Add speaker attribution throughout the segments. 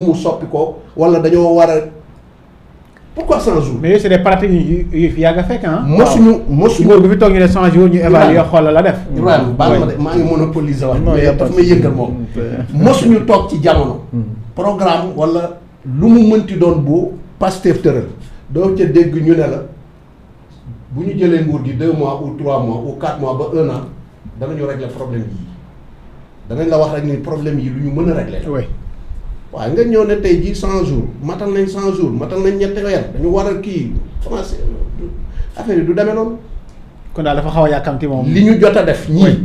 Speaker 1: mu soppi ko wala dañoo war a pourquoi 100 mais yooyu c'est des yaa nga fekk ah. mosuñu mosuñu góor bi fi toog ñu ne 100 jours ñu évaluer xoolal la def. Ibrahima mm. baal ma de maa ngi monopoliser wax. non mais daf may yëngal moom. Mm. mosuñu toog ci jamono. Mm. programme walla lu mu mënti doon bu Pastef tëral doo ca dégg ñu ne la bu ñu jëlee nguur gi 2 mois ou 3 mois ou mois ba 1 an danañu régler problème yii danañ la wax rek ni problème yi lu ñu mën a régler. waaw nga ñëw ne tey jii cent jour matal nañ cent jour matal nañ ñetti weer dañu war a kii commencé affaire yi du demee noonu. kon daal dafa xaw a yàkkamti moom. li ñu jot a def ñii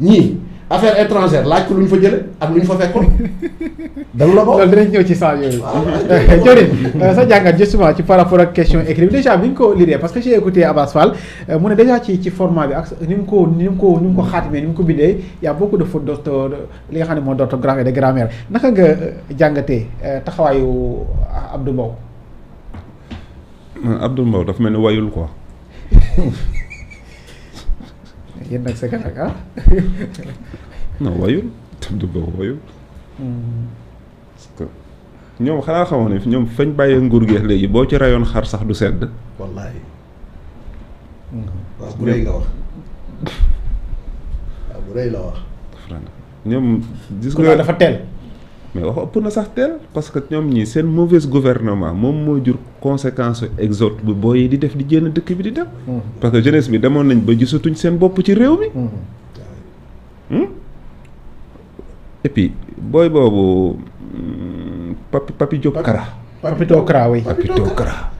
Speaker 1: ñii affaire étrangère laaj ko lu ñu fa jële ak lu ñu fa fekkoon la ko loolu dinañ ñëw ci saa yooyu Diorine euh, sa jàngat justement ci par rapport ak question écrite déjà bi ñu ko liree parce que j'ai écouté Abbas euh, mu ne déjà ci ci format bi ak ni mu ko ni mu ko ni mu ko xaatimee ni mu ko bindee y a beaucoup de fautes li nga xam ne moo d'orthographe et de grammaire naka nga euh, jàngatee taxawaayu Abdou
Speaker 2: Mbow mel ni wayul quoi non wayul tam du boobu wayul. parce que ñoom xanaa xamoon ne ñoom fañ bàyyee nguur geex léegi boo ci rayoon xar sax du sedd.
Speaker 1: wallaay. waaw bu rëy nga wax. waaw bu rëy la wax.
Speaker 2: ñoom. gis naa dafa teel. mais wax ëpp na sax teel parce que ñoom ñii seen mauvaise gouvernement moom moo jur conséquence exode bu booy yi di def di génn dëkk bi di def parce que jeunesse bi demoon nañ ba gisatuñ seen bopp ci réew mi. et puis booy boobu papi papi Diop Kara. papito Kara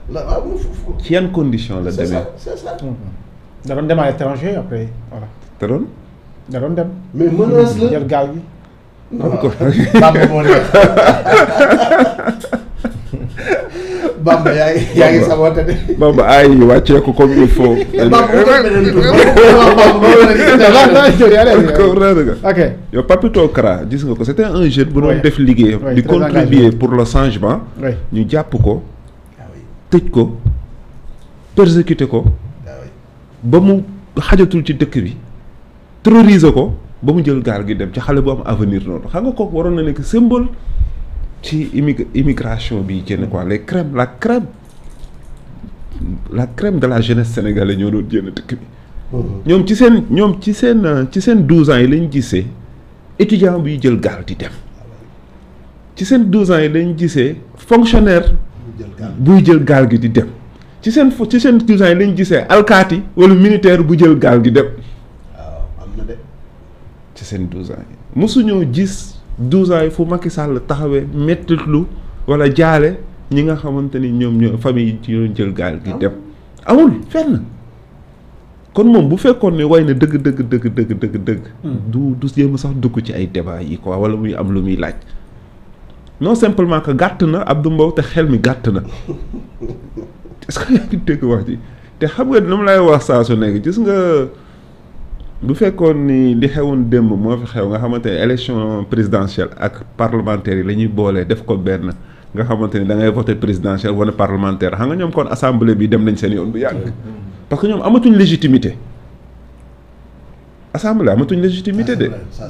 Speaker 2: ci yan condition la
Speaker 1: demee. c'est ça da après voilà. da doon. da doon gaal gi. Bamba yaa ngi
Speaker 2: ay wàccee ko comme il faut. Bamba bu doon beneen tur. Bamba ok yow nga ko c' un jeune bu doon def liggéey di contribuer pour la changement. ñu jàpp ko. Ah tëj ko persécuté ko. Ah ba mu xajatul ci dëkk bi. terroriser ko ba mu jël gaal gi dem ci xale bu am avenir noonu xam nga kooku waroon na nekk symbole. ci immig immigration bi génn quoi les crèmes la crème la crème de la jeunesse sénégalaise ñoo doon génn dëkk bi. Mm-hmm. ñoom ci seen ñoom ci seen ci seen douze ans yi lañ gisee étudiant buy jël gaal di dem ci seen douze ans yi lañ gisee fonctionnaire. buy jël gaal gi di dem. ci seen fo ci seen douze ans yi lañ gisee alkaati wala militaire bu jël gaal gi dem. waaw ci seen douze ans yi mosuñoo gis. douze ans yi fu makki sàll taxawee lu wala jaale ñi nga xamante ni ñoom ñoo famille yi ñoo jël gaal gi ah. dem amul fenn kon moom bu fekkoon ne way na dëgg dëgg dëgg dëgg dëgg dëgg hmm. du du jéem sax dugg ci ay débat yi quoi wala muy am lu muy laaj non simplement que gàtt na Abdou Mbow te xel mi gàtt na est-ce que yaa ngi dégg wax ji te xam nga dama lay wax saa su nekk gis nga bu fekkoon ni li xewoon démb moo fi xew nga xamante ne élection présidentielle ak parlementaire yi la ñuy boolee def ko benn nga xamante ni da ngay voté présidentielle wala parlementaire xam nga ñoom kon assemblée bi dem nañ seen yoon bu yàgg. Mm-hmm. parce que ñoom amatuñ légitimité. assemblée amatuñ légitimité de. ça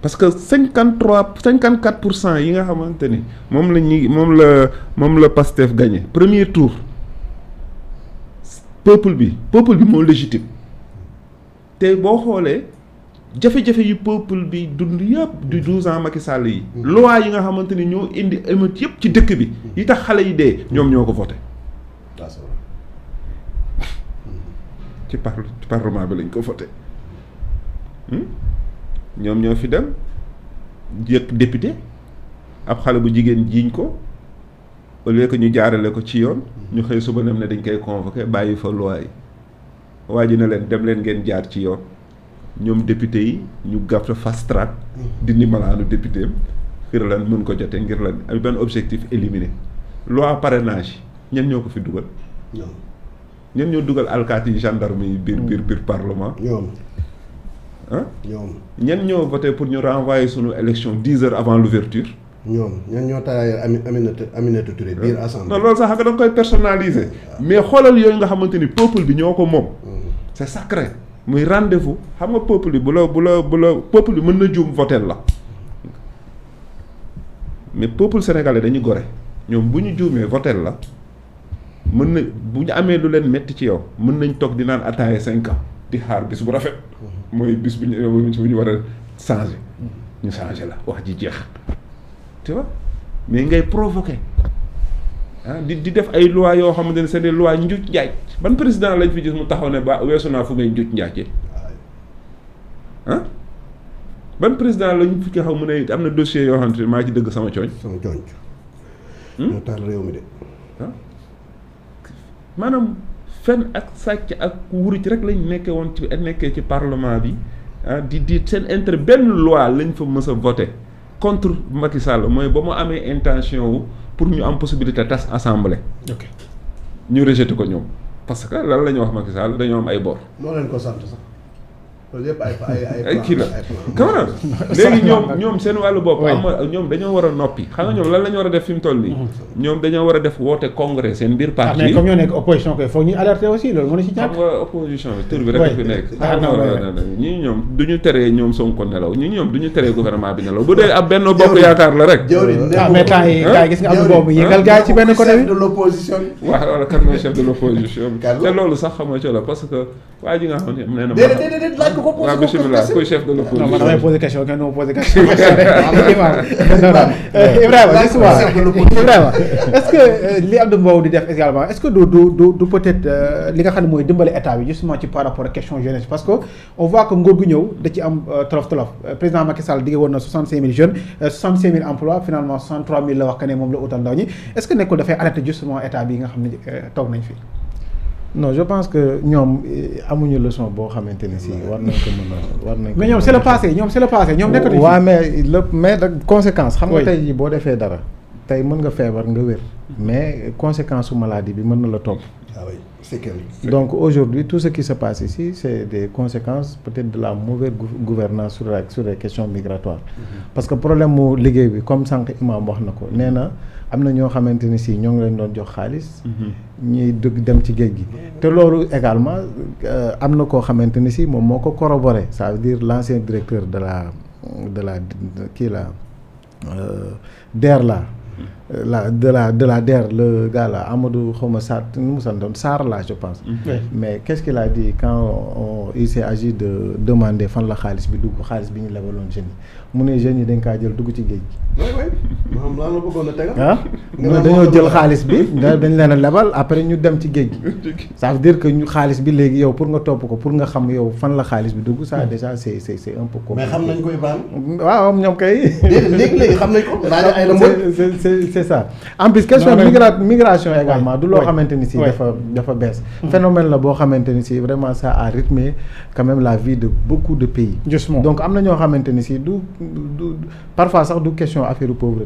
Speaker 2: parce que cinquante trois cinquante quatre pour cent yi nga xamante ni moom la ñuy moom la moom la Pastef gagné premier tour. peuple bi peuple bi moo légitime. te boo xoolee jafe-jafe yu peuple bi dund yëpp du 12 ans Macky Sall yi. Mm-hmm. loi yi nga xamante ni ñoo indi émeute yëpp ci dëkk bi. Mm-hmm. yi tax xale yi dee. ñoom ñoo ko voté. Ah, ci ci parlement bi lañ ko voté hmm? ñoom ñoo fi dem yëg député ab xale bu jigéen jiiñ ko au lieu que ñu jaarale ko ci yoon. ñu mm-hmm. xëy suba nem ne dañ koy convoqué bàyyi fa loi yi. waa ji ne leen dem leen ngeen jaar ci yoon ñoom député yi ñu gàpp fast track dindi mm-hmm. malaanu député am ngir lan mën ko jote ngir lan ay benn objectif éliminé loi parrainage ñen ñoo ko fi dugal ñen ñoo dugal alkaati yi gendarme yi biir mm-hmm. biir biir parlement ah ñoom ñen ñoo voté pour ñu renvoyer sunu élection dix heures avant l'ouverture ñoom
Speaker 1: ñan ñoo taayal ami Aminata Aminata Touré biir assemblée. non
Speaker 2: loolu sax nga da nga koy personnaliser. Ah. mais xoolal yooyu nga xamante ni peuple bi ñoo ko moom. Mm. c'est sacré muy rendez-vous xam nga peuple bi bu la bu la bu la peuple bi mën na juum votel la mais peuple sénégalais dañu gore ñoom bu ñu juumee votel la mën na bu ñu amee lu leen metti ci yow mën nañ toog di naan attaaye cinq ans di xaar bis bu rafet
Speaker 1: mm-hmm.
Speaker 2: mooy bis bu ñu bu ñu war a changer ñu changer la wax ji jeex tu vois mais ngay provoquer ah di di def ay loi yoo xamante ne c'est des lois njuuj njaaj ban président lañ fi gis mu taxaw ne ba weesu naa fu ah? ban président lañ fi nga xam mu ne am na dossier yoo xamante ne maa ci dëgg sama cooñ. sama cooñ. moo hmm? tax réew mi de. Ah? maanaam fen ak sàcc ak wuruj rek lañ nekkee woon ci nekkee ci parlement bi ah di di seen intérêt benn loi lañ fa mës a voté contre Macky Sall mooy ba mu amee intention wu. pour ñu am possibilité tas assemblée. ok ñu rejeté ko ñoom parce que lan la ñuy wax Macky Sall dañoo am ay bor.
Speaker 1: moo leen ko sant loolu yëpp ay ay ay kii la kamara léegi ñoom
Speaker 2: ñoom seen wàllu bopp am ñoom dañoo war a noppi xam nga ñoom lan la ñu war a def fi mu toll nii mm-hmm. ñoom dañoo war a def woote congrès seen biir ah, parti comme ñoo nekk
Speaker 1: opposition koy foog ñu alerter aussi loolu mënu si ñàkk xam
Speaker 2: nga opposition bi tur bi rek fi nekk ah, ñii ñoom du ñu teree ñoom Sonko nelaw ñii ñoom du ñu teree gouvernement bi nelaw bu dee ab benn bokk yaakaar la rek ah, mais temps yi nga am nga ci la parce ko posé
Speaker 1: waaw que euh, li Abdou Mbow di def également est-ce que du du du euh, li nga xam ne mooy dimbali état bi justement ci par rapport question jeunesse parce que on voit que nguur ñëw da ci am euh, tolof tolof président Macky Sall woon na 65000 jeunes 65000 emplois finalement 63000 la wax que ne moom la utal ndaw ñi est-ce que bi nga xam ne toog nañ fi. non je pense que ñoom eh, amuñu leçon boo xamante ni si war nañ ko mën a war nañ ko mais ñoom c'est le passé ñoom c'est le passé ñoom nekkatuñu waaw mais le mais conséquence xam nga tey jii boo defee dara tey mën nga feebar nga wér mm-hmm. mais conséquence su maladie bi mën na la topp
Speaker 2: ah sécurité.
Speaker 1: Donc aujourd'hui, tout ce qui se passe ici, c'est des conséquences peut-être de la mauvaise gouvernance sur, la, sur les question migratoires. Mhm. Parce que problème mu liggéey bi comme sànq imam wax na ko nee na am na ñoo xamante ni si ñoo ngi leen doon jox xaalis. Mhm. ñuy dugg dem ci géej gi. te loolu également euh, am na koo xamante ni si moom moo ko corroboré sa veut dire l'ancien directeur de la de la kii la euh, DER la. Euh, la de la de la DER le gars là Amadou xawma Sarr nu mu santoon Sarr là je pense. Mm-hmm. mais qu'est-ce qu'il a dit quand on il agi de demander fan la xaalis bi dugg xaalis bi ñu lebaloon jeunes yi mu ne jeunes yi dañ kaa jël dugg ci géej gi. maanaam lan la bëggoon ah? dañoo jël xaalis bi dañ leen lebal après ñu dem ci géej gi. ça veut dire que ñu xaalis bi léegi yow pour nga topp ko pour nga xam yow fan la xaalis bi dugg ça mm. déjà c'est c'est c'est un peu. compliqué mais xam nañ ko Ibrahima. waaw ñoom ko. c' est ça en plus question migration également du loo xamante ni si dafa dafa bees mm-hmm. phénomène la boo xamante ni si vraiment ça a rythmé quand même la vie de beaucoup de pays donc am na ñoo xamante ni si du du parfois sax du question affaire pauvreté